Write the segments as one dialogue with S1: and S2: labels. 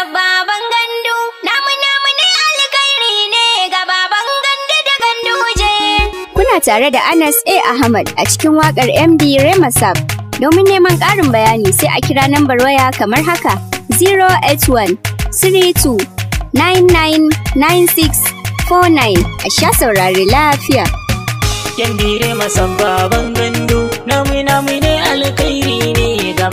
S1: Gababan gandu namu namu ne alkhairi ne Gababan gandu da gandu je kuna tare da Anas A Ahmad a cikin wakar MD Remasab domin neman ƙarin bayani sai a kira nambar waya kamar haka 081 32 999649 a sha saurari lafiya.
S2: Yan dire masa baban gandu, namu namu ne alkhairi ne ga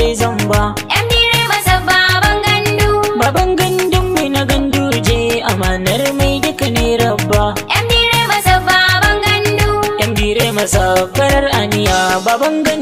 S2: bai zan ba Emire masa baban gandu Baban gandun mai na gandu je amanar mai duka ne rabba
S1: Emire masa baban gandu
S2: Emire masa farar aniya baban gandu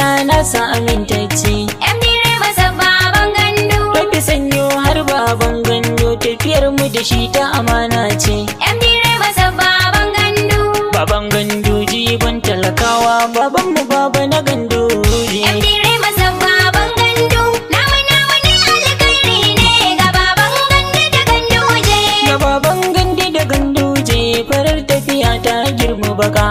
S2: ya nasa amintacci. MD masa baban gandu Rabi sanyo har baban gandu tafiyar mu da shi ta amana ce MD masa baban gandu Baban gandu ban talakawa baban mu baba na gandu Yeah. ne farar tafiya ta girma baka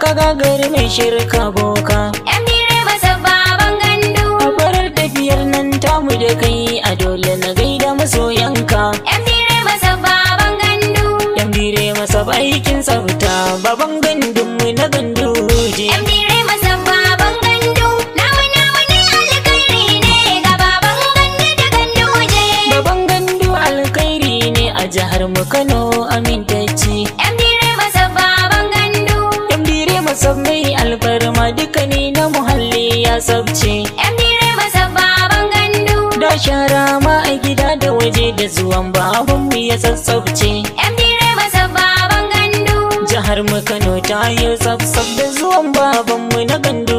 S2: ka gagar mai shirka boka yan bire masa baban gandu a farar tafiyar nan tamu da kai a dole na gaida maso yanka.
S1: yanka. masa baban gandu
S2: yan masa aikin tsafta baban gandun mu na gandu je mazabci Emire mazabba ban gandu Da shara ma a gida da waje da zuwan baban mu ya sassabce
S1: Emire mazabba ban gandu
S2: Jihar mu Kano ta yi tsabtsab da zuwan baban mu na gandu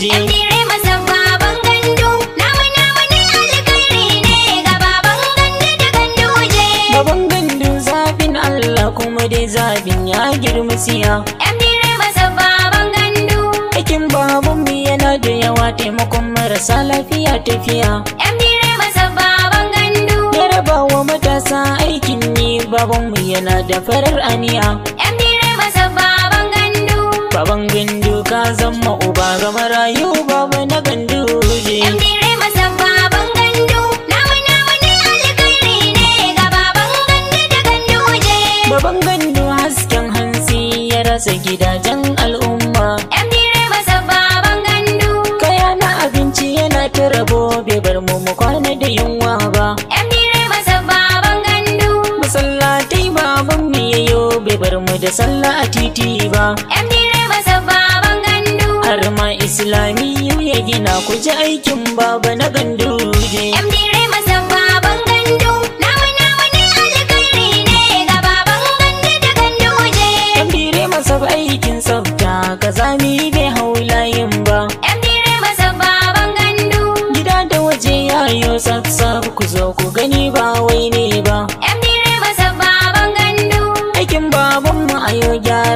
S2: je Emire
S1: mazabba ban
S2: gandu Namu namu ne
S1: alkhairi ne ga baban gandu
S2: da gandu je Baban gandu zafin Allah kuma dai zafin ya girma siya Emire kulawa taimakon marasa lafiya tafiya
S1: MD masababan gandu. Ya
S2: raba wa matasa aikin yi babanmu yana da farar aniya
S1: MD masababan gandu.
S2: Baban gandu ka zama uba ga marayu baba na gandu da sallah a titi ba. ‘Yan
S1: direba sabba ban gandu. Har
S2: ma islamiyu ya gina ku ji aikin baba na gandu je. ‘Yan
S1: direba sabba ban gandu. Namu namu
S2: ne alkhairi ne ga baban gandu da gandu je. ‘Yan direba sabba aikin sabta ka zami bai hau layin ba. ‘Yan direba sabba ban gandu. Gida da waje yayo sab ku zo ku gani ba.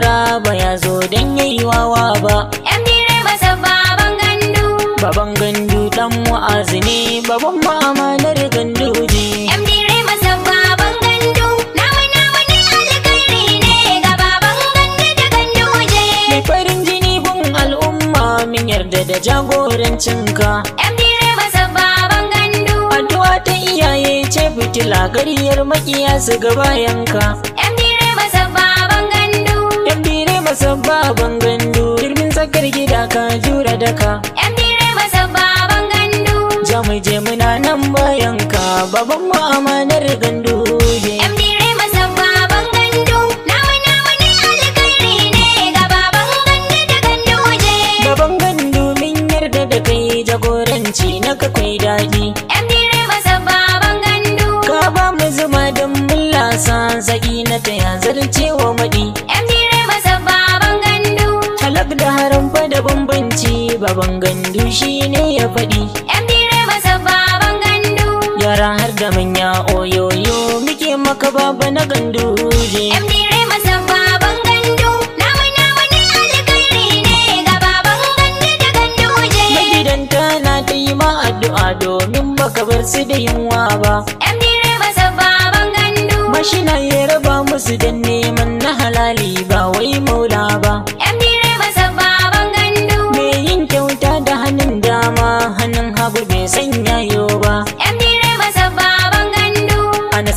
S2: gyara ba ya zo don yayi wawa ba
S1: MD masa baban gandu
S2: baban gandu ɗan wa'azi ne Babban baban da gandu ji MD masa baban gandu namu namu ne alkhairi ne ga baban gandu da gandu je mai farin jini bin al'umma min yarda da jagorancinka MD masa baban gandu addu'a ta iyaye ce fitila gariyar makiya su ga bayanka direba sabba gandu. jirgin tsakar gida ka jura daka yan direba sabba bangandu gandu. mu je muna nan bayan ka baban mu amanar gandu yan
S1: ne ne gandu
S2: gandu gandu yarda da kai jagoranci na kai daɗi yan ka ba mu zuma don mun lasa zaki na ta ya zarcewa maɗi baban gandu shi ne ya faɗi
S1: yan bire gandu
S2: yara har da manya oyoyo muke maka baba na gandu je yan
S1: bire masa baban gandu namu ne
S2: alkhairi ne ga baban gandu da gandu je magidanta na ta yi ma addu'a domin baka bar su da yin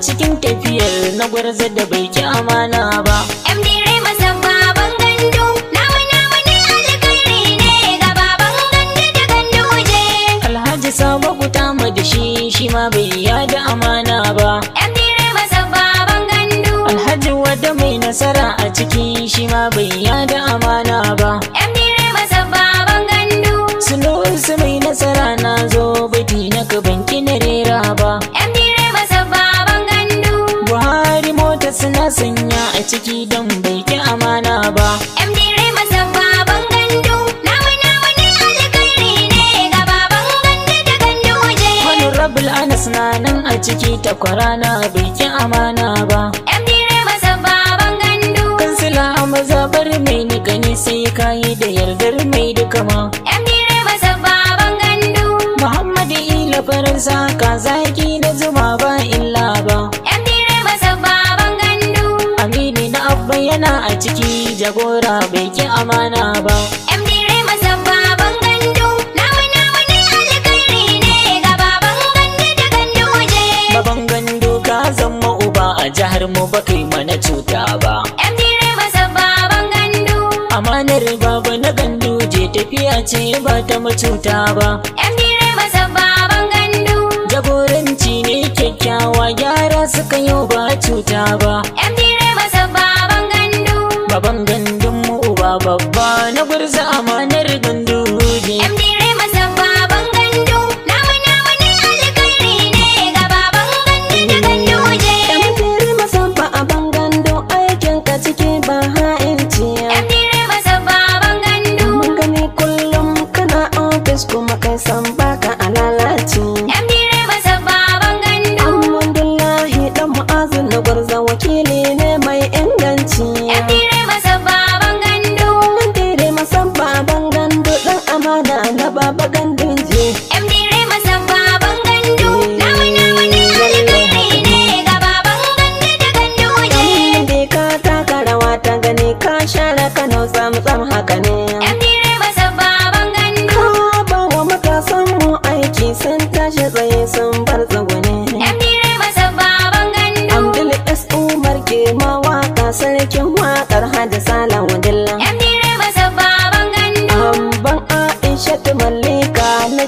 S2: A cikin tafiyar na gwarza da bai ki amana ba
S1: MD Rai gandu namu namu ne alkhairi ne ga baban gandu
S2: da gandu je Alhaji Sabo ku tama da shi shi bai yada amana ba MD Rai gandu Alhaji wadda mai nasara a ciki shi bai yada amana ba MD Rai masabba ban gandu Sulu mai nasara na zo sanya a ciki don bai ki amana ba MD Rai masa ne alkhairi ne gandu da gandu waje Wani na nan a ciki takwara na bai ki amana ba MD
S1: Rai masa baban gandu
S2: Kansila a mazabar mai nikani sai kayi da yardar mai duka ma MD masa baban gandu Muhammadu ila faransa ka jagora bai ki amana ba
S1: MD Rema sabba ban gandu namu namu ne alkhairi ne ga baban gandu da
S2: gandu je baban gandu ka zama uba a jihar mu ba kai mana cuta ba
S1: MD Rema gandu
S2: amanar baba gandu je tafiya ce ba ta macuta ba MD Rema gandu jagoranci ne kyakkyawa gyara suka yi ba cuta ba MD babban gandun mu ba babba na gurza amana